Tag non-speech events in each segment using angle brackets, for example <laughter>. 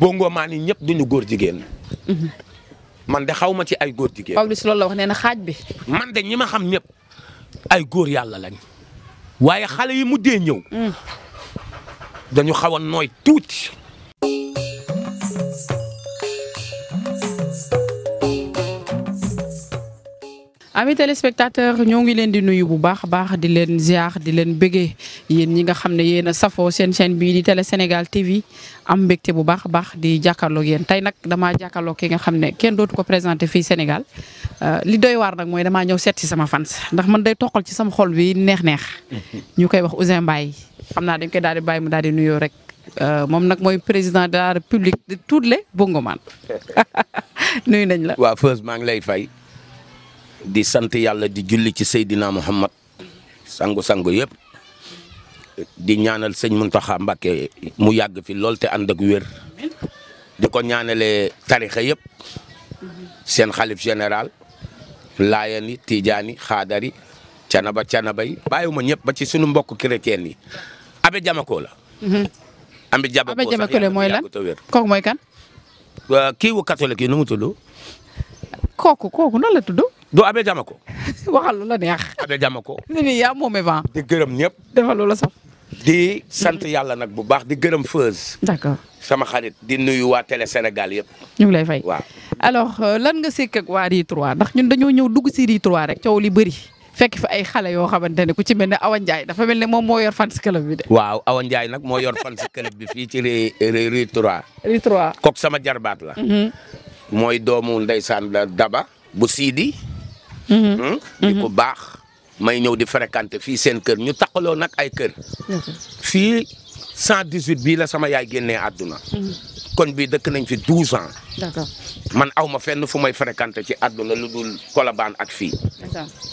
bongo maan yi ñëpp duñu góor jigéen. Mm-hmm. man de xaw ci ay góor jigéen. Pawlish loolu la wax nee na xaaj bi. man de ñi ma xam ñëpp ay góor yàlla lañ waaye xale yi mu ñëw. Mm. dañu xaw a ami téléspectateur ñoo ngi leen di nuyu bu baax a baax di leen ziar di leen bëggee yéen ñi nga xam ne yéen safo safoo seen chaîne bii di Télé Sénégal TV am mbégte bu baax a baax di jàkkaarloog yéen tey nag damaa jàkkaarloog ki nga xam ne kenn dootu ko présenté fii Sénégal euh, li doy waar nag mooy damaa ñëw seet ci sama fans ndax man day toqal ci sama xol bi neex-neex. <laughs> ñu koy wax Ouzin mbaay xam naa dañ koy daal di baay mu daal di nuyoo rek. Euh, moom nag mooy président de la république de toutes les bongoman <laughs> <laughs> nuyu nañ la. waaw first maa ngi lay fay. di sant yàlla di julli ci Seydina Muhammad sangu-sangu yëpp di ñaanal sëñ Muntaxa Mbàkke mu yàgg fi lool te ànd ak wér di ko ñaanalee tarixa yépp seen xalif général laayani tijaani xaadari canaba canabay bàyyiwuma ñëpp ba ci suñu mbokk chrétien yi abe jamako la abe jamako la mooy lan kooku mooy kan euh, kii wu yi nu mu kooku kooku nan doo Abbé Diamako. <laughs> waxal lu la neex. Abbé Diamako. ni <laughs> nii yaa moome vent. di gërëm ñëpp. defal la sax. di sant yàlla nag bu baax di gërëm Feuz. d'accord sama xarit di nuyu waa Télé Sénégal yëpp. ñu ngi lay fay waaw. alors euh, lan nga sekk ak waa RIE3 ndax ñun dañoo ñëw dugg si rie rek coow li bëri. fekk fi ay xale yoo xamante ne ku ci mel ne Awa Ndiaye dafa mel ne moom moo yor si club bi de. waaw Awa njaay nag moo yor si club bi fii ci RIE3. RIE3 kooku sama jarbaat la. Mhm. mooy doomu ndeysaan la Daba bu Sidi. di mm-hmm. hmm? ko mm-hmm. baax may ñëw di fréquenter fii seen kër ñu taqaloo nag ay kër fii 118 bii la sama yaay génne àdduna mm-hmm. kon bii dëkk nañ fi 12 ans man aw ma fenn fu may fréquenter ci àdduna lu dul kolabaan ak fii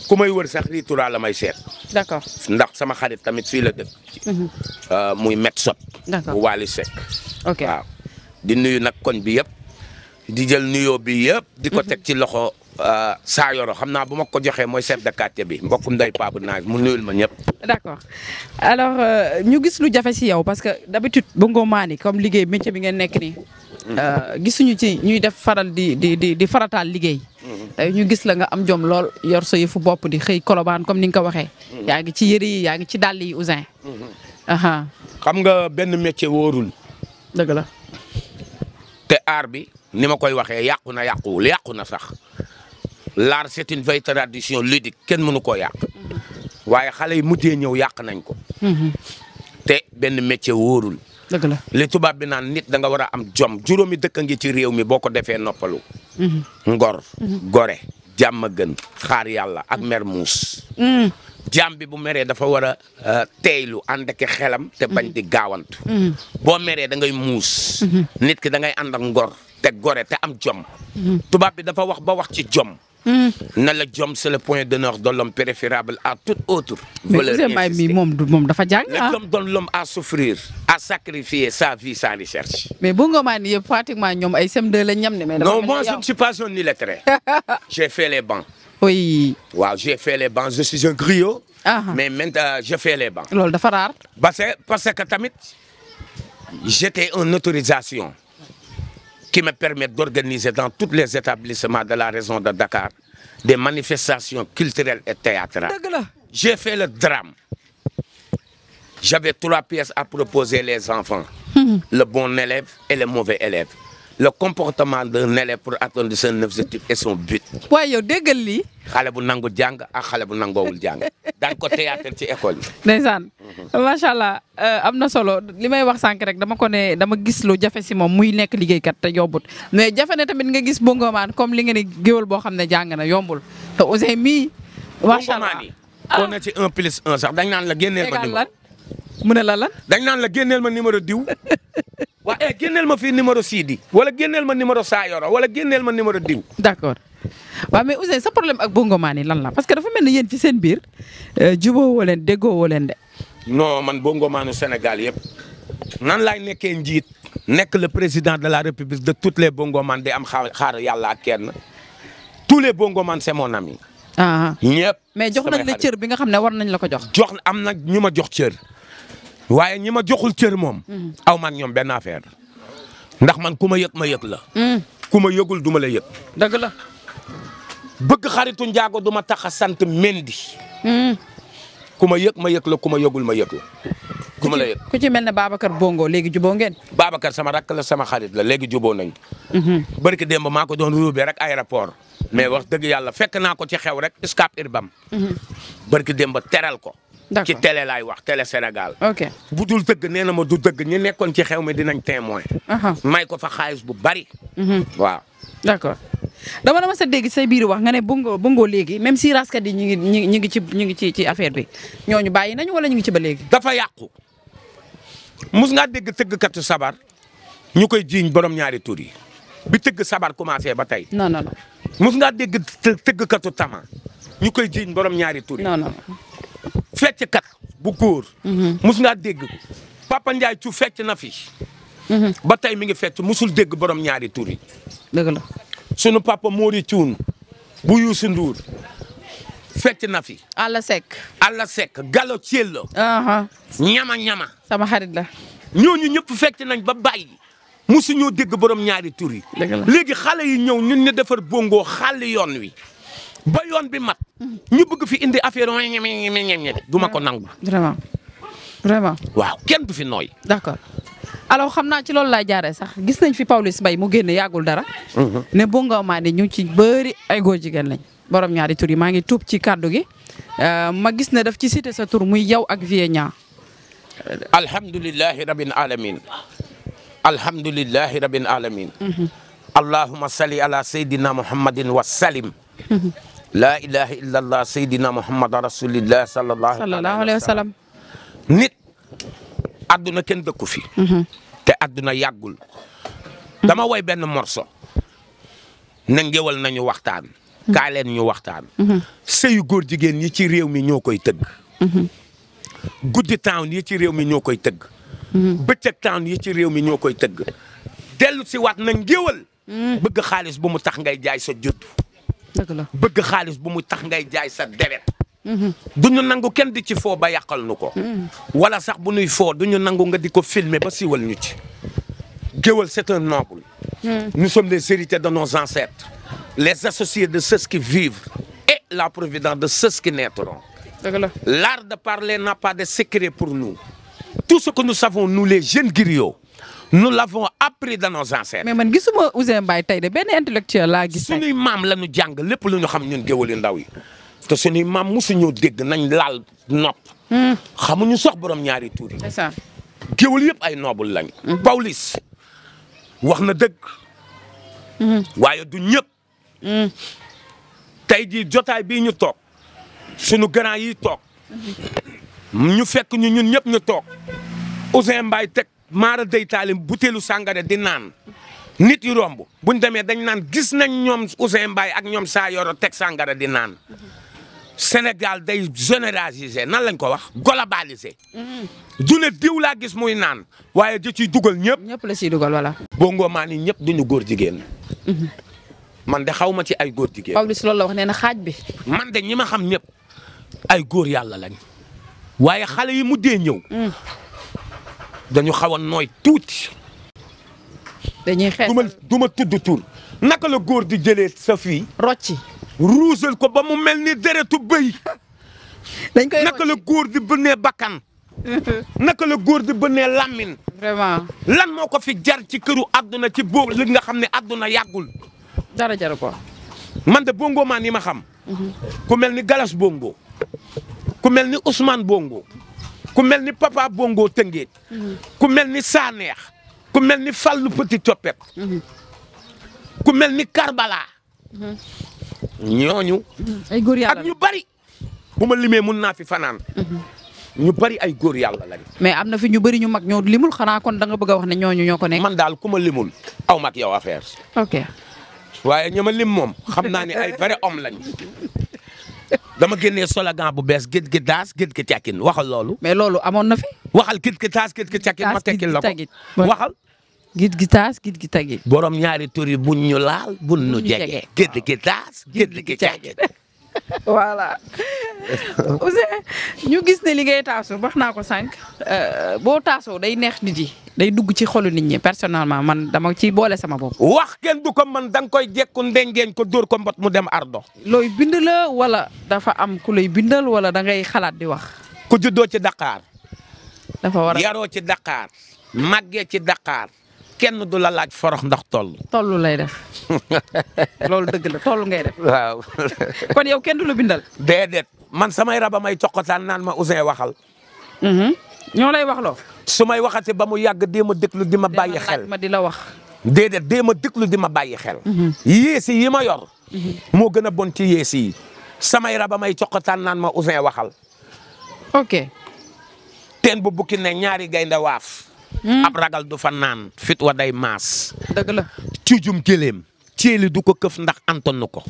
ku may wër sax ritura la may seet d'accord ndax sama xarit tamit fii la dëkk euh, muy met sot bu Waly di nuyu nag koñ bi yëpp di jël nuyoo bi yëpp di ko teg ci loxo Euh, saa yoro xam naa bu ma ko joxee mooy chef de quartier bi mbokkum nday Pape Naas mu nuyul ma ñëpp. d'accord alors euh, ñu gis lu jafe si yow parce que d'habitude Bongo Mane comme liggéey métier bi ngeen nekk nii. Mm-hmm. Euh, gisuñu ci ñuy def faral di di di di farataal liggéey. Mm-hmm. ñu gis la nga am jom lool yor sa yëfu bopp di xëy kolobaan comme ni nga ko waxee. Mm-hmm. yaa ngi ci yëre yi yaa ngi ci dàll yi Ouzin. xam nga benn métier worul dëgg te aar bi ni ma koy waxee yàqu na yàquwul yàqu na sax. l'art c'est une vieille tradition ludique kenn mënu koo yàq waaye xale yi mujjee ñëw yàq nañ ko te benn métier wóorul dëgg la li tubaab bi naan nit da nga war a am jom juróomi dëkk ngi ci réew mi boo ko defee noppalu ngor gore jàmm gën xaar yàlla ak mer muus jaam bi bu meree dafa war a euh, teeylu ànd ak xelam te bañ di gaawantu boo meree da ngay muus nit ki da ngay ànd ak ngor te gore te am jom tubaab bi dafa wax ba wax ci jom Mmh. na la jom c'est le point d'honneur de l'homme préférable à tout autre. mais mi moom moom dafa jàng ah. la jom donne l'homme à souffrir à sacrifier sa vie sa recherche. mais bu nga maa ni yëpp pratiquement ñoom ay ñam ne. mais non moi je ne suis pas un illettré. <laughs> j'ai fait les bancs. waaw j'ai fait les bancs je suis un griot. Ah, ah. mais maintenant je fais les bancs. loolu dafa raar. parce que parce que tamit j'étais en autorisation. qui me permettent d'organiser dans tous les établissements de la région de Dakar des manifestations culturelles et théâtrales. J'ai fait le drame. J'avais trois pièces à proposer les enfants, mmh. le bon élève et le mauvais élève. le comportement d'un élève pour atteindre son objectif et son but. waaye yow déggal lii. xale bu nangu jàng ak xale bu nangoowul jàng daan ko théâtre ci école yi. ndeysaan macha allah euh, am na solo li may wax sànq rek dama ko ne dama gis lu jafe si moom muy nekk liggéeykat te yombut mais jafe ne tamit nga gis bongomaan comme li nga ne géwél boo xam ne jàng na yombul te Ouzin mii. macha allah boo na ci un plus un sax dañ naan la génneel ma numéro. mu ne la lan. dañ naan la génneel ma numéro diw. <laughs> waa eh génneel ma fii numéro Sidi wala génneel ma numéro Sayoro wala génneel ma numéro diw. d'accord waaw mais Ouzin sa problème ak Bongo Mané lan parce que dafa mel ni yéen ci seen biir euh, juboo woo leen déggoo woo de. non man Bongo Sénégal yëpp nan laay nekkee njiit nekk le président de la république de toutes les Bongo Mané di am xaar yàlla ak kenn tous les bongoman Mané c'est mon ami. Ah, ah. ñëpp mais jox nañ la cër bi nga xam ne war nañ la ko jox. jox am nag ñu ma jox cër. waaye ñi ma joxul cër moom. Mm-hmm. aw man ñoom benn affaire ndax man ku ma yëg ma yëg la. Mm. ku ma yëgul du ma la yëg. dëgg la. bëgg xaritu njaago du ma tax a sant mendi. Mm. ku ma yëg ma yeg la ku ma yëgul ma yëg la. ku ma la ku ci mel ne Babacar Bongo léegi juboo ngeen. Babacar sama rakk la sama xarit la léegi juboo nañ. Mm-hmm. barki démb maa ko doon ruubee rek aéroport. mais wax dëgg yàlla fekk naa ko ci xew rek Scat Urbam. Mm-hmm. barki démb teral ko. ci télé laay wax télé Sénégal. ok bu dul dëgg nee na ma du dëgg ñu nekkoon ci xew mi dinañ témoin. Uh-huh. may ko fa xaalis bu bari. Mm-hmm. waaw d'accord dama dama sa dégg say biir wax nga ne bëngoo bëngoo léegi même si raskat yi ñu ngi ñu ñu ngi ci ñu ngi ci ci affaire bi ñooñu bàyyi nañu wala ñu ngi ci ba léegi. dafa yàqu mus ngaa dégg tëggkatu sabar ñu koy jiiñ borom ñaari tur yi bi tëgg sabar commencé ba tey. non non non mus ngaa dégg tëggkatu tama ñu koy jiiñ borom ñaari tur yi. non fecckat bu góor. Mhm. mus ngaa dégg Papa Ndiaye cu fecc na fi. Mhm. ba tey mi ngi fecc musul dégg borom ñaari tur yi. dëgg sunu papa Mori Cuun bu Youssou Ndour fecc na fi. àlla sekk. àlla sekk galo cielo. ñama ñama. sama xarit la. ñooñu ñëpp fecc nañ ba bàyyi musuñoo dégg borom ñaari tur yi. léegi xale yi ñëw ñun ñu defar bongo xàll yoon wi. ba yoon bi mat. ñu bëgg fi indi affaire yi ñeme du ma ko nangu. vraiment vraiment. waaw kenn du fi nooy. d'accord alors xam naa ci loolu laa jaare sax gis nañ fi Pawlish Mbaye mu génn yàggul dara. Mhm. ne Bongo Maane ñu ci bëri ay góor jigéen lañ. borom ñaari tur maa ngi tuub ci kàddu gi euh, ma gis ne def ci cité sa tur muy yow ak vie ñaa alhamdulilahi rabbil alamin alhamdulilahi rabbil alamin mhm. allahuma salli ala sayyidina muhammadin wa salim mhm. laa ilaha illa allah sayyidina muhammad rasulillah sallallahu alayhi wa sallam nit adduna kenn dëkku fi mhm. te adduna yàggul dama woy benn morso na ngéwal nañu waxtaan mhm. kaa leen ñu waxtaan mhm. sëyu góor jigéen yi ci réew mi ñoo koy tëgg guddi town yi ci réew mi ñoo koy tëgg bëccëg town yi ci réew mi ñoo koy tëgg dellu si waat na ngéwal xaalis bu mu tax ngay jaay sa bëgg xaalis bu mu tax ngay jaay sa deret mhm. du ñu nangu kenn di ci foo ba yàqal nu ko mhm. wala sax bu nuy foo du ñu nangu nga di ko filmer ba siiwal ñu ci géwal c'est un noble mhm. nous sommes les héritiers de nos ancêtres les associés de ceux qui vivent et la providence de ceux qui naîtront l'art de parler n'a pas de secret pour nu tout ce que nous savons nous les jeunes griots nous l'avons appris dans nos ancêtres. mais man gisuma Ouzin Mbaye tey de benn intellectuel laa gis. suñuy maam la nu jàng lépp lu ñu xam ñun géwël yu ndaw yi te suñuy maam mosuñoo dégg nañ laal nopp. Hmm. xamuñu sox borom ñaari tuur yi. c'est ça yëpp ay noble lañ. Hmm. Pawlish wax na dëgg. Hmm. waaye du ñëpp. tey jii jotaay bii ñu toog sunu grand yi toog. ñu fekk ñu ñun ñëpp ñu toog Ouzin Mbaye teg. maara day taalim butéelu sàngara di naan nit yi romb buñ demee dañ naan gis nañ ñoom Ousseyn Mbaye ak ñoom saa yoro teg sàngara di naan Sénégal day généraliser nan lañ ko wax globaliser. Mm-hmm. du ne diw laa gis muy naan waaye di ci dugal ñëpp. ñëpp la ciy dugal wala. bongo maa ni ñëpp duñu góor jigéen. Mm-hmm. man de xaw ma ci ay góor jigéen. Pawlish la wax nee na xaaj bi. man de ñi ma xam ñëpp ay góor yàlla lañ waaye xale yi mujjee ñëw. Mm. dañu xaw a nooy tuuti. duma xeex du ma du naka la góor di jëlee sa fii. rocci ruusal ko ba mu mel ni deretu bëy. dañ koy naka la góor di bënnee bakkan. <laughs> naka la góor di bënnee làmmiñ. vraiment lan moo ko fi jar ci këru àdduna ci boobu li nga xam ne àdduna yàggul. dara jaru ko. man de bongo maa ni ma xam. Mhm. ku mel ni Galas Bongo. ku mel ni Ousmane Bongo. ku mel ni papa Bongo Tëngéej ku mel ni Saneex ku mel ni Fallou Petit Coppet ku mel ni Karbala ñooñu ay góor yàlla ak ñu bari bu ma limee mun naa fi fanaan ñu bari ay góor yàlla lañ mais am na fi ñu bari ñu mag ñoo limul xanaa kon da nga bëgg wax ne ñooñu ñoo ko nekk man daal ku ma limul aw mag yow affaire ok waaye ña ma lim moom xam naa ne ay <laughs> vrai homme lañ dama génnee slogan bu bees gét gi daas gét gi càkkin waxal loolu. mais loolu amoon na fi. waxal gét gi daas gét gi càkkin ma tekkil la waxal. git gi taas git gi tagit borom ñaari tur yi buñ ñu laal buñ ñu jege git gi taas git gi <laughs> voilà <laughs> Ouzin ñu gis ne li ngay taasoo wax naa ko sànq euh, boo taasoo day neex nit yi day dugg ci xolu nit ñi personnellement man dama ci boole sama bopp. wax kenn du ko man da nga koy jekku ndengeen ko dóor ko mbot mu dem ardo looy bind la wala dafa am ku lay bindal wala dangay xalaat di wax. ku juddoo ci daqaar dafa war a yaroo ci daqaar màggee ci daqaar kenn du la laaj forox ndax toll. toll lay def <laughs> loolu dëgg la toll ngay def. waaw. <laughs> kon yow kenn du la bindal. déedéet man samay raba may coqotaan naan ma Ouzin waxal. Mhm. ñoo lay wax loo. su may waxate ba mu yàgg dee ma déglu di ma bàyyi xel ma di la wax. déedéet dee ma déglu di ma bàyyi xel. Mhm. yéesi yi ma yor. Mhm. moo gën a bon ci yéesi yi. samay raba may coqotaan naan ma Ouzin waxal. ok. teen bu bukki ne ñaari gaynde waaf. Hmm? ab ragal du fa naan fit wa day maas dëgg la cuujum ceeli du ko këf ndax anton na ko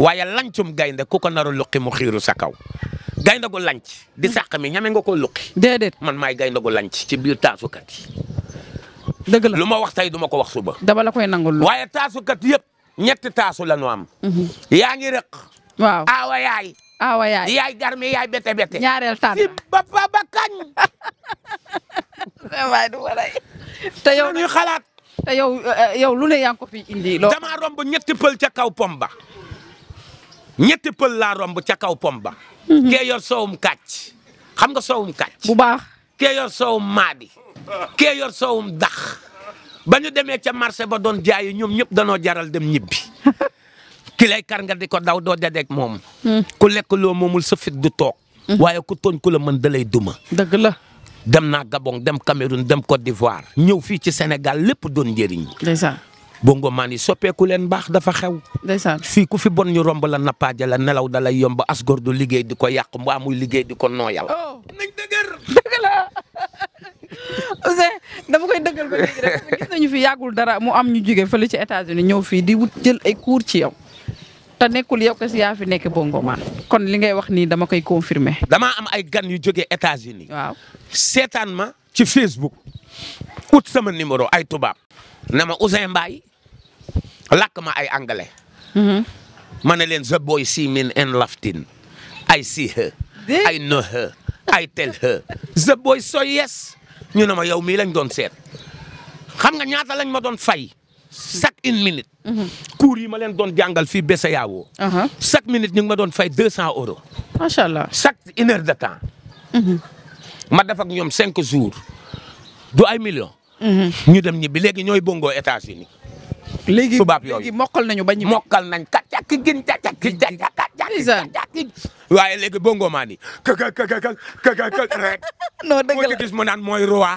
waaye lancum gaynde ko ko naru luqi mu xiiru sa kaw gaynde gu lanc di hmm. sàq mi ñame nga ko luqi déedéet man maay gaynde gu lanc ci biir taasukat yi dëgg la lu ma wax tey du ma ko wax suba dama la koy nangul waaye taasukat yëpp ñetti taasu la ñu am hmm. yaa ngi rëq waaw aawa yaay aawa yaay yaay garmi yaay bete bete ñaareel tànn si ba ba kañ <laughs> waaye du ma te yow ñuy xalaat. te eh, eh, yow lu ne yaa ngi ko fi indi. loo damaa romb ñetti pël ca kaw pom ba ñetti pël laa romb ca kaw pom ba. Mhm. kee yor soowum kàcc. xam nga soowum kàcc. bu baax kee yor soowum maadi. kee yor soowum dax. ba ñu demee ca marché ba doon jaay ñoom ñëpp danoo jaral dem ñibbi. <laughs> ki kar nga di ko daw doo dadeeg moom. Hmm. ku lekk loo moomul sa fit du toog. Hmm. waaye ku tooñ ku la mën da duma. dëgg la. dem naa Gabon dem Cameroun dem Côte d'Ivoire ñëw fii ci Sénégal lépp doon njëriñ. ndeysaan bongo maan yi soppeeku leen baax dafa xew. ndeysaan fii ku fi bon ñu romb la nappaaje la nelaw dalay yomb asgor du liggéey di ko yàq mbaa liggéey di ko nooyal. oh nañ dëgër dëgg <laughs> koy dëggal fi yàggul dara mu am ñu jóge fële ci États-Unis ñëw fii di wut jël ay cours ci yow. te nekkul yow kese yaa fi nekk bongo ma kon li ngay wax nii dama koy confirmer. damaa am ay gan yu jógee États-Unis waaw seetaan ma ci Facebook ut sama numéro ay tubaab. na ma Ouzin mbaay lakk ma ay anglais. Mm-hmm. ma ne leen the boy see me and laughing I see her. I know her I tell her. the boy so yes ñu ne ma yow mii lañ doon seet xam nga ñaata lañ ma doon fay. chaque une minute. cours yi ma leen doon jàngal fii Bessayawoo. chaque minute ñu ngi ma doon fay deux cent euros. macha allah chaque une de temps. ma def ak ñoom cinq jours du million ñu dem ñibbi léegi ñooy bongo États-Unis léegi tubaab yooyu léegi mokkal nañu ba ñu. mokkal nañ kat càkk gin càkk càkk waaye léegi bongo maa ni kaka kaka kaka rek. non dëgg naan mooy roi.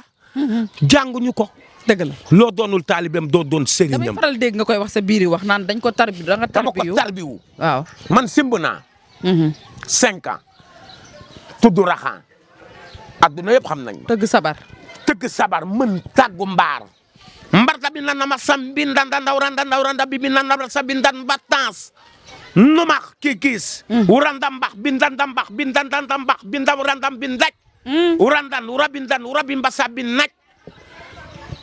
jànguñu ko. dëgg la loo doonul taalibeem doo doon sëriñam. damay faral dégg nga koy wax sa biir wax naan dañ ko tarbi da nga tarbiwu dama ko tarbiwu. waaw man simb naa. Mhm. cinq ans. tudd raxaan. adduna yëpp xam nañ ma. tëgg sabar. tëgg sabar mën tàggu mbaar. mbarta bi nan na ma sam bi ndanda ndawranda ndawranda bi bi nan na ma sa bi ndan battans numax kikiis mm. wuranda mbax bi ndanda mbax bi ndandanda mbax bi ndawrandam mm. bi ndaj wurandan wura bi ndan wura bi mbasa bi naj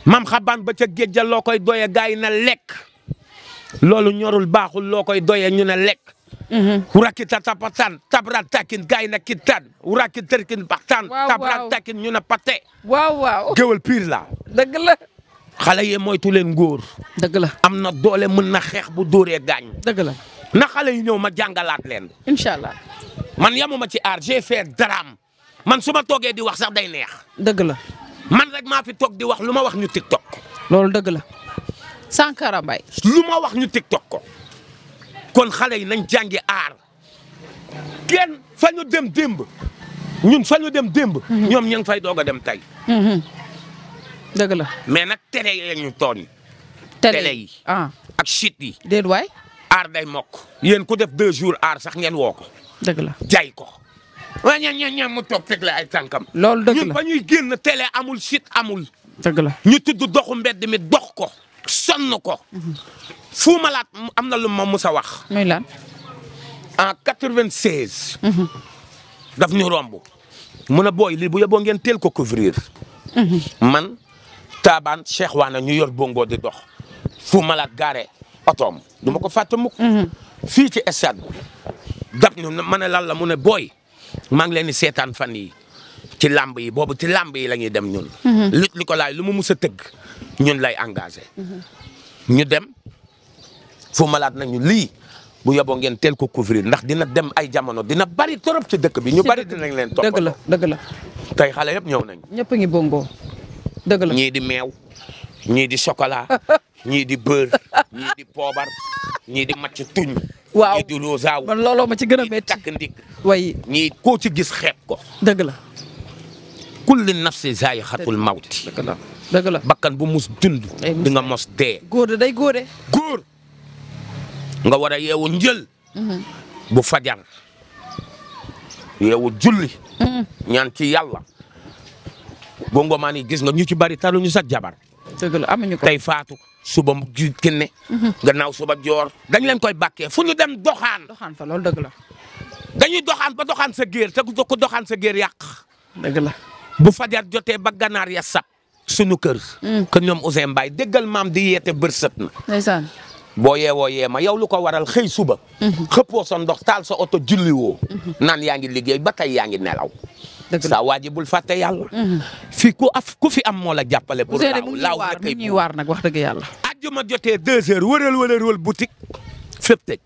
mam xabaan ba ca géej ja loo koy doye gaa yi na lekk loolu ñorul baaxul loo koy doye ñu na lekk mhm. wurakita tapatan tabra takin gaa yi na kittan wuraki tërkin baxtaan tabra takin ñu na pate waaw waaw géwal piir la dëgg la xale yee moytu leen góor dëgg la am na doole mën na xeex bu dóoree gaañ dëgg la na xale yi ñëw ma jàngalaat leen incha allah man yamuma ci aar j'ai fait drame man su ma toogee di wax sax day neex dëgg la man rek maa fi toog di wax lu ma wax ñu tiktok ko. loolu dëgg la. Sankara Mbaye. lu ma wax ñu tiktok ko kon xale yi nañ jàngi aar kenn fa ñu dem démb ñun fa ñu dem démb. Mhm. ñoom ña ngi fay doog a dem tey. Mhm. dëgg la mais nag télé yi ñu tooñ. télé yi ah. ak chute yi. déedwaay. aar day mokk. yéen ku def deux jours aar sax ngeen woo ko. dëgg la jaay ko. waa ña ña ña mu la ay tànkam. loolu dëgg ba ñuy génn télé amul sit amul. dëgg la ñu tudd doxu mbedd mi dox ko sonn ko. fu malaat am na lu ma mus a wax. muy lan. en 96. Mhm. daf ñu romb. mu ne booy lii bu yeboo ngeen teel ko couvrir. Mhm. man taabaan Cheikh Waane ñu yor bongo di dox. fu malaat laat gaare otoom du ma ko fàtte mukk. Mhm. fii ci stade bi. daf ñu ma ne lan la mun a booy. maa ngi leen di seetaan fan yi ci làmb yi boobu ci làmb yi la ñuy dem ñun. Mhm. lutte Nicolaï lu mu mus a tëgg ñun lay engagé. Mhm. ñu dem fu malaat nañu lii bu yoboo ngeen teel ko couvrir ndax dina dem ay jamono dina bari torop ci dëkk bi. ñu bari dinañ leen toppatoo dëgg la dëgg la. tey xale yëpp ñëw nañ ñëpp ngi bongo dëgg la ñii di meew ñii di chocolat <laughs> ñii di beurre ñii di poobar ñii di macc tuñ. waaw ñii di lozaaw man looloo ma ci gën a métti takk ndik way ñii koo ci gis xeeb ko. dëgg la. kulli nafsi zaayiqatul mawti. dëgg la dëgg la bakkan bu mus dund. di mos dee. góor day góore. góor nga war yeewu njël. Mm-hmm. bu fajar yeewu julli. Mm-hmm. ñaan ci yàlla. bo ngomaan yi gis nga ñu ci bari talu ñu sax jabar. dëgg la amuñu ko tey faatu suba mu ji kinne mhm. gannaaw suba joor dañ leen koy bàkkee fu ñu dem doxaan. doxaan fa dëgg la. dañuy doxaan ba doxaan sa géer te ku doxaan sa géer yàq. dëgg la bu fajar jotee ba ganaar ya sab sunu kër. que mm. ñoom Ousseyn Mbaye déggal maam di yeete bërsët na. ndeysaan. boo yeewoo yee ma yow lu ko waral xëy suba. Mhm. xëppoo sa ndox taal sa oto julliwoo. Mhm. naan yaa ngi liggéey ba tey yaa ngi nelaw. sa waaji bul fàtte yàlla. Mm-hmm. fi ku ku fi am moo la jàppale. pour laaw rek kay ñuy waar nag wax dëgg yàlla. àjjuma jotee deux heures wërël wërël wërël boutique fépp tëj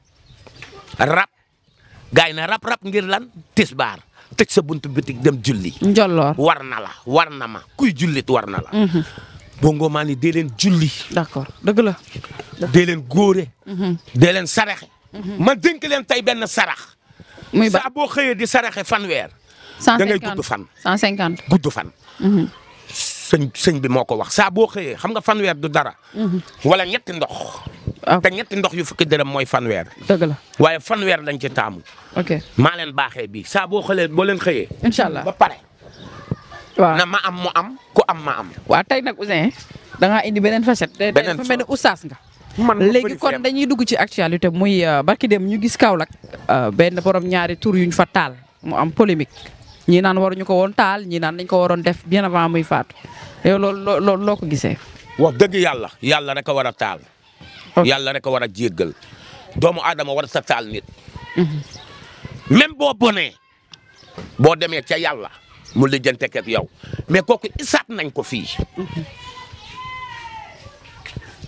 gaay na rap rap ngir lan tisbaar tëj sa buntu boutique dem julli. njolloor war na la war na ma kuy jullit war na la. Mm-hmm. bongo maa ni dee leen julli. d'accord dëgg la. dee leen góore. Mm-hmm. leen saraxe. ma dénk leen tey benn sarax. muy ba saa boo xëyee di saraxe fanweer. da ngay gudd fan. 150 gudd fan. Mhm. sëñ bi moo ko wax saa boo xëyee xam nga fanweer du dara. Mhm. wala ñetti ndox. Ah. te ñetti ndox yu fukki dërëm mooy fanweer. dëgg la waaye fanweer lañ ci taamu. maa leen baaxee bii saa boo xëlee boo leen xëyee. incha allah ba pare. waaw na ma am mu am ku am ma am. waa tey nag Ouzin da ngaa indi beneen facette. beneen fa mel ne nga. man léegi kon dañuy dugg ci actualité muy euh, barki dem ñu gis Kaolack. Euh, benn borom ñaari tur yuñ fa taal mu am polémique. ñii naan waruñu ko woon taal ñii naan dañ ko waroon def bien avant muy faatu yow loolu loo ko gisee. woo dëgg yàlla yàlla rek a war a taal. Oh. yàlla rek a war a jéggal doomu aadama war sa taal nit. Mhm. même boo ne boo demee ca yàlla mu lijjante ak yow mais kooku isaat nañ ko fii.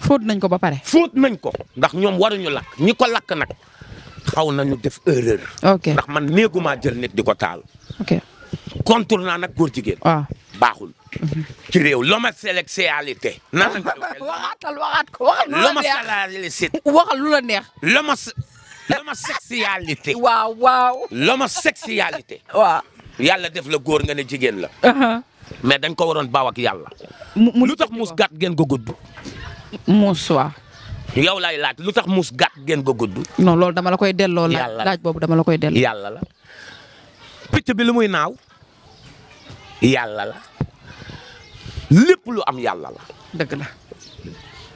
fóot nañ ko ba pare. fóot nañ ko ndax ñoom waruñu lakk ñi ko lakk nag. xaw nañu def erreur. ok ndax man di ko taal. ok contour nag góor waaw ah. baaxul. Mhm. ci réew l'homosexualité. Ah, nan la ñu neex la neex. l'homos l'homosexualité. waaw waaw. l'homosexualité. waaw. yàlla def la góor nga ne jigéen la. Uh-huh. mais dañ ko waroon baaw ak yàlla. mu lu muus gàtt ngeen ko gudd. muus waaw. yow laay laaj lu tax muus gàtt ngeen ko gudd. non loolu dama la koy delloo. yàlla laaj boobu dama la koy delloo. yàlla la picc bi lu muy naaw yàlla la lépp lu am yàlla la. dëgg la.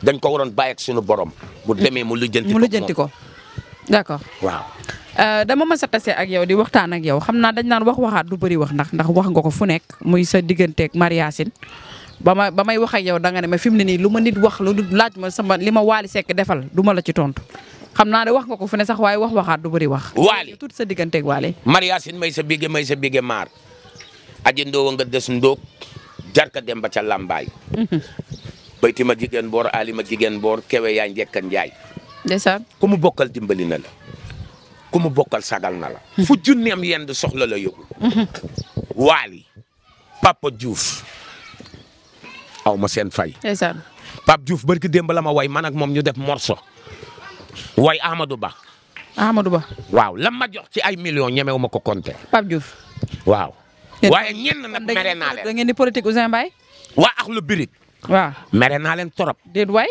dañ ko waroon bàyyi ak sunu borom. bu demee mu lijjanti ko mu lijjanti ko d'accord. waaw. Euh, dama mës a tase ak yow di waxtaan ak yow xam naa dañ naan wax waxaat lu bari wax ndax ndax wax nga ko fu nekk muy sa digganteek Marie ba ma ba may wax ak yow da nga ne ma fi mu ne nii lu ma nit wax lu laaj ma sama li ma Waly sekk defal du ma la ci tontu xam naa ne wax nga ko fu ne sax waaye wax waxaat du bëri wax. Waly tut sa digganteeg Waly. Mariasin may sa bige may sa bige maar. aji ndoowa nga des ndóog jarka dem ba ca Lambaay. <laughs> bayti ma jigéen boor Ali ma jigéen boor Kewe yaay njekkan Njaay. ndeysaan ku mu bokkal dimbali na la. ku mu bokkal sagal na la. <laughs> fu junneem yenn soxla la yóbbu. <laughs> Waly aw ma seen fay. ndeysaan Pape Diouf barki démb la ma way man ak moom ñu def morso way Amadou Ba. Amadou Ba. waaw lan ma jox ci ay millions ñemewu ma ko compter. Pape Diouf. waaw. waaye na nag mere naa da ngeen di politique Ouzin Mbaye. waa ak lu birig. waaw mere naa leen torop. déet waay.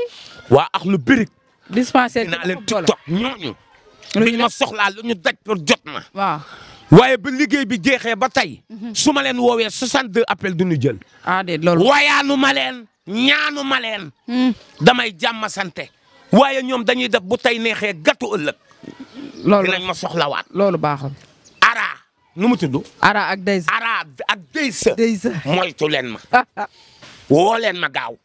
waa ak lu birig. dispensaire naa leen TikTok ñooñu. lu ñu ma soxlaa lu ñu daj pour jot ma. waaye ba liggéey bi jeexee ba tey. Mhm. su ma leen woowee 62 appel du ñu jël. ah déedéet loolu. wayaanu ma ñaanu ma hmm. damay jàmm sante waaye ñoom dañuy def bu tey neexee gàttu ëllëg. loolu nañ ma soxlawaat. loolu baaxul. ara nu mu tudd. ara ak Deysa. ara ak Deysa. Deysa leen ma. <laughs> woo leen ma gaaw.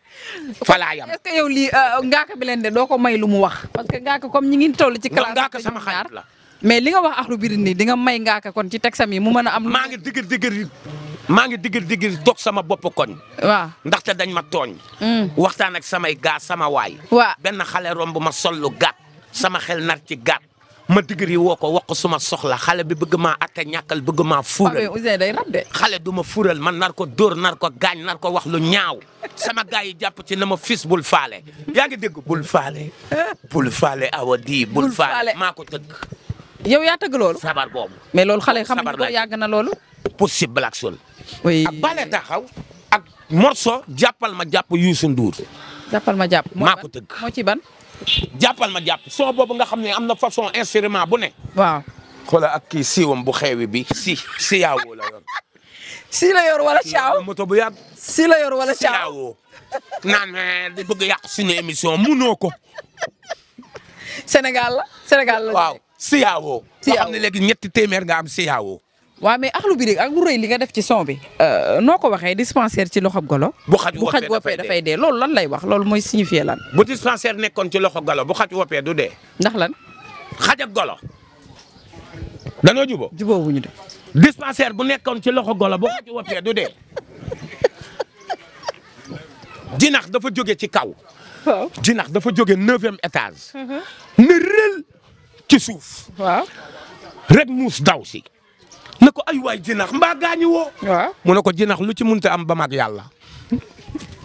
falaa yam est-ce que lii euh, ngaaka bi leen de doo ko may lu mu wax. parce que ngaaka comme ñi ngi toll ci. classe ngaaka sama xarit la. mais li nga wax axlu biir nii dinga may ngaaka kon ci tegsam yi mu mën a am. maa ngi digir digir maa ngi digir digir dog sama bopp koñ. waaw ndaxte dañ ma tooñ. Mm. waxtaan ak samay gaa sama waay. waaw benn xale romb ma sollu gat sama xel nar ci gàtt. ma digir yi woo ko wax ko suma soxla xale bi bëgg maa atte ñàkkal bëgg maa fuural xale du ma fuural man nar ko dóor nar ko gaañ nar ko wax lu ñaaw sama gaay yi jàpp ci na ma fis bul faale yaa ngi dégg bul faale eh? bul faale awa di bul faale maa ko tëgg yow yaa tëgg loolu. sabar boobu. mais loolu xale yi xamuñu ko yàgg na loolu. possible Black Soul. oui ak bale taxaw ak morso jàppal ma jàpp Youssou Ndour. jàppal ma jàpp ma ko tëgg moo ci ban. jàppal ma jàpp son boobu nga xam ne am na façon instrument bu ne. waaw xoolal ak kii siiwam bu xeewi bi si si yaawoo la yor. si la yor wala caaw moto bu yàgg. si la yor wala caaw si yaawoo. naan eh, di bëgg émission munoo ko. Sénégal la Sénégal la. waaw. siyaawoo. siyaawoo xam ne léegi ñetti téeméer nga am siyaawoo. waaw mais axlu bi rek ak lu rëy li nga def ci son bi. Euh, noo ko waxee dispensaire ci loxo golo. bu xaj woppee dafay dee loolu lan lay wax loolu moy signifier lan. bu dispensaire nekkoon ci loxo golo bu xaj woppee du ndax lan. xaj golo. danoo jubóo jubóo wuñu de. dispensaire bu nekkoon ci loxo golo bu xaj woppee du dee. <laughs> dafa joge ci kaw. waaw jinax dafa jóge neuvième étage. Mhm. ne ci suuf. waaw rek muus daw si. na ko ay waay jinax mbaa gaañu woo. waaw mu ne ko jinax lu ci munte am ba mag yàlla.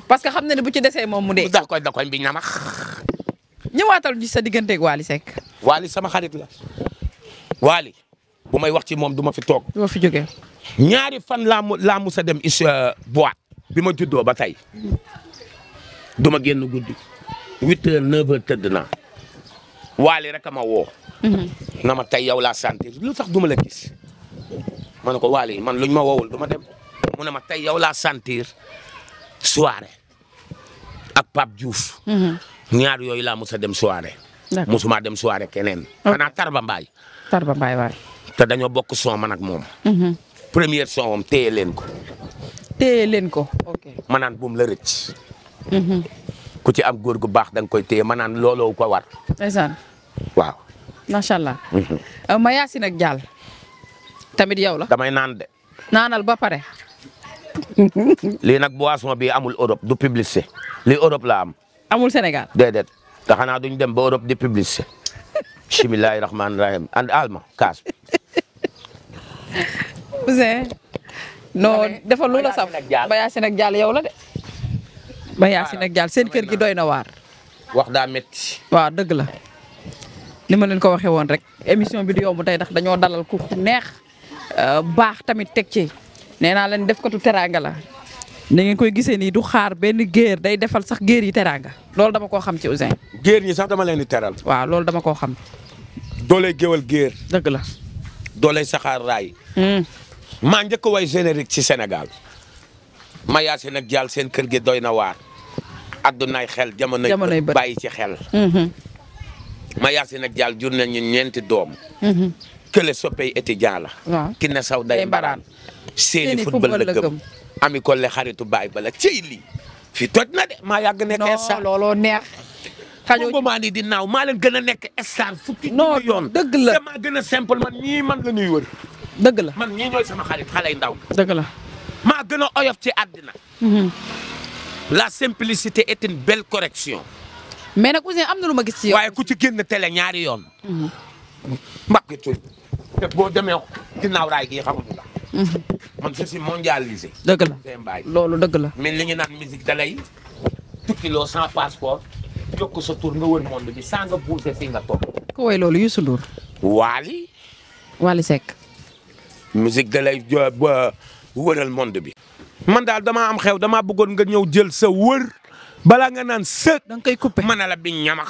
parce que xam na ne bu ci desee moom mu dee. da koy da koy mbi ñamax. ñëwaatal ci sa digganteeg Waly Seck. Waly sama xarit la. Waly bu may wax ci moom du ma fi toog. du fi jógee. ñaari fan laa laa musa dem is euh, boîte. bi ma juddoo ba tey. du ma génn guddi. huit heures neuf tëdd naa. waali rek a ma woo. Mhm. na ma tey yow laa sentir lu tax duma la gis. ma ne ko waali man luñ ma woowul du ma dem mu ne ma tey yow laa sentir soirée ak Pape Diouf. Mhm. ñaar yooyu laa mos a dem soirée. musuma dem soirée keneen. xanaa Tarba Mbaye. Tarba Mbaye waay. te dañoo bokk son man moom. Mhm. première son am téye leen ko. téye leen ko ok. ma naan buum la rëcc. ku ci am góor gu baax da nga koy téye ma naan looloo ko war. waaw. macha allah. Mhm. Euh, ma yaasin ak jàll. tamit yow la. damay naan de. naanal ba pare. <laughs> lii nag boisson bii amul Europe du publicité lii Europe la am. amul Sénégal. déedéet te xanaa duñ dem ba Europe di publicité. bismillahi <laughs> rahmaani rahim and alma kaas. <laughs> Ouzin. non dafa lu la saf ba yaasin ak jàll yow la de. ba yaasin ak jàll seen kër gi doy na waar. wax daa métti. waaw dëgg la. ni ma leen ko waxee woon rek émission bi du yomb tey ndax dañoo dalal ku neex euh, baax tamit teg ci nee naa leen def ko tu teraanga la ni ngeen koy gisee nii du xaar benn géer day defal sax géer yi teraanga loolu dama koo xam ci Ouzin. géer ñi sax dama leen di teral. waaw loolu dama koo xam. doole géwal géer. dëgg la. dooley saxaar raay. Hmm. maa njëkk way générique ci Sénégal. ma yaase nag jaal seen kër gi doy na waar. nay xel jamonoy bàyyi ci xel. Hmm, hmm. ma Yacine ak Dial jur nañu ñeenti doom. Mhm. kële soppey étudiant la. waaw ki ne saw day mbaraan. seeni football la gëm ami le xaritu baay bala cey lii. fi toj na de maa yàgg nekk star. non looloo neex. xajoo bu maa di naaw maa leen gën a nekk star fukki. yoon dëgg la damaa gën a simple man ñii man la ñuy wër. dëgg la man ñii ñooy sama xarit xale ndaw. dëgg la maa gën a oyof ci àddina. Mhm. la simplicité est une belle correction. mais nag Ouzin am na lu ma gis ci yow. waaye ku ci génn télé ñaari yoon. Mhm. mbàkk tuuti te boo demee ginnaaw raay gi xamuñu la. Mhm. loolu dëgg la. mais li ñu naan musique da lay tukki loo sans passeport jokk sa tur nga wër monde bi sans nga bougé fi nga toog. ku woy loolu Youssou Ndour. Waly. Waly Seck. musique da lay euh, wëral monde bi. man daal damaa am xew damaa bëggoon nga ñëw jël sa wër. balaa nga naan sëg. da nga koy coupé mën na la bi ñamax.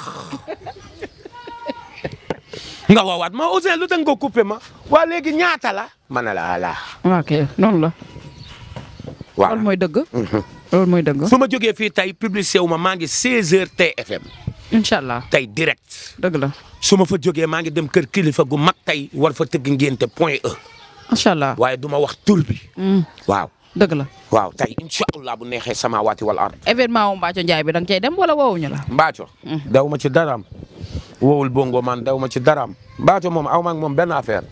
nga woowaat ma Ouzin lu tax nga ko coupé ma waa léegi ñaata la. mën na la ala. ok noonu la. waaw loolu mooy dëgg. Mhm. loolu mooy dëgg. su ma jógee fii tey publicité wu ma maa ngi 16h TFM. incha allah tey direct. dëgg la su ma fa jógee maa ngi dem kër kilifa gu mag tey war fa tëgg ngénte point E. macha allah waaye du ma wax tur bi. Mm. waaw. dëgg la waaw tey incha allah bu neexee sama waati wala ard événement wu Mbathio Ndiaye bi da nga cay dem wala woowuñu la Mbathio mm-hmm. daw ma ci daraam wowul bongo man daw ma ci daraam Mbathio moom aw ma moom benn affaire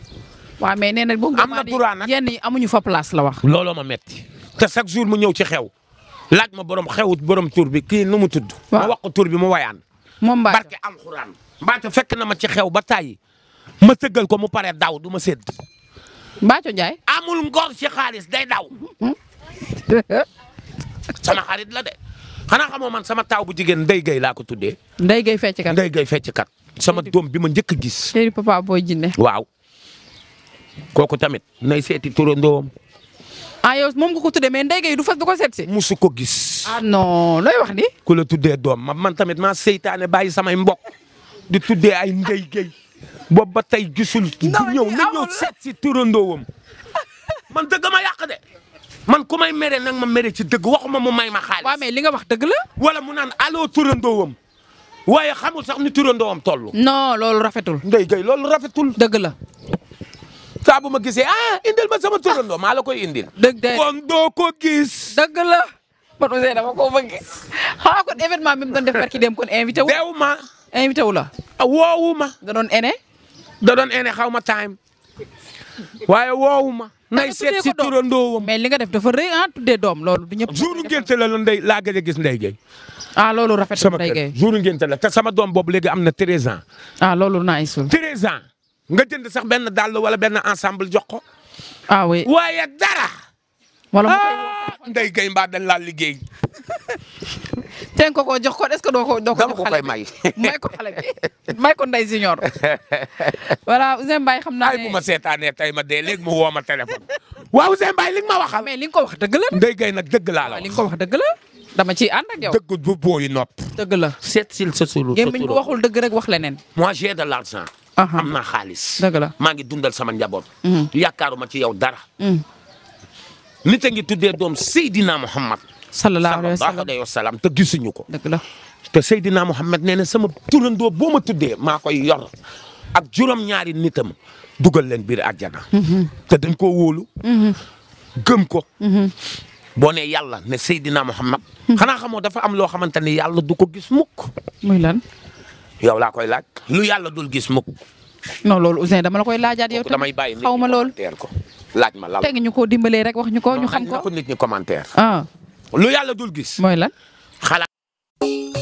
waaw mais nee na bongo am nag yenn yi amuñu fa place la wax looloo ma metti te chaque jour mu ñëw ci xew laaj ma borom xewut borom tur bi kii nu mu tudd ma wax ko bi mu wayaan moom Mbathio barke alxuraan mbaaco fekk na ma ci xew ba tàyyi ma tëggal ko mu pare daw du ma sédd Mbathio Ndiaye amul ngor ci xaalis day daw <laughs> sama xarit la de xanaa xamoo man sama taaw bu jigéen day gay laa ko tuddee. Ndeye Gueye fecc kat Ndeye sama doom bi ma njëkk a gis. tey papa booy jinne waaw kooku tamit nay seeti turandoom. ah yow moom nga ko tuddee mais Ndeye Gueye du fas du ko seet si. musu ko gis. ah non wax ni. ku la tuddee doom ma man tamit maa seytaane bàyyi samay mbok di tuddee ay Ndeye Gueye boobu ba tey gisul. ñëw na ñëw seet si turandoowam. man dëgg ma yàq de man ku may mere nag ma mere ci dëgg ma mu may ma xaalis. waa mais li nga wax dëgg la. wala mu naan allo turandoowam waaye xamul sax ni turandoowam toll. non loolu rafetul. ndey gay loolu rafetul. dëgg la. ma gisee ah indil ma sama turandoo ma la koy indil. dëgg de kon doo ko gis. dëgg la. man Ousseyn dama ko bëgg xanaa ah, kon événement bi dem kon invité wu. deewu ma. invité wu la. Ah, woowu ma. da doon ene. da doon ene xaw ma time waaye woowu ma. nay seet si turandoowam mais li nga def dafa rëy ah doom loolu du ñëpp. jouru ngénte la ndey laa gëj gis ndey gay. ah loolu rafet na ndey gay sama jouru te sama doom boobu léegi am na 13 ans. ah loolu naa sul 13 ans nga jënd sax benn dàll wala benn ensemble jox ko. ah oui waaye dara. wala ah, Ndeye Gueye mbaa dañ laa liggéey. <laughs> teen ko ko jox ko est-ce doo ko doo ko may ko xale bi may ko Ndeye Junior. <laughs> voilà xam naa ne ay ma seetaanee tey ma dee léegi mu woo ma téléphone. waaw Ousseyn Mbaye li nga ma waxal. mais ko wax dëgg la. Ndeye Gueye nag dëgg laa la wax li nga ko wax dëgg la. dama ciy ànd ak yow dëgg bu booyi nopp. dëgg la seet sil sa sulu sa sulu waxul dëgg rek wax leneen. moi j'ai de l'argent. am naa xaalis. dëgg maa ngi dundal sama njaboot. Mhm. yaakaaruma ci yow dara. Mhm. nit a ngi tuddee doom Seydina Muhammad. sallallahu alayhi wa sallam te gisuñu ko. dëgg te Seydina Muhammad nee na sama turandoo boo ma tuddee maa koy yor ak juróom-ñaari nitam dugal leen biir àjjana. Mhm. te dañ koo wóolu. Mhm. gëm ko. Mhm. boo nee yàlla ne Seydina Muhammad. xanaa xamoo dafa am loo xamante ni yàlla du ko gis mukk. muy laa koy laaj lu yàlla dul gis mukk. non loolu Ouzin dama la koy laajaat yow tamit xaw ma ko laaj ma lan. tey ñu ko dimbalee rek wax ñu ko ñu xam ko nit ñi commentaire. Ah. lu yàlla dul gis. mooy lan xalaat.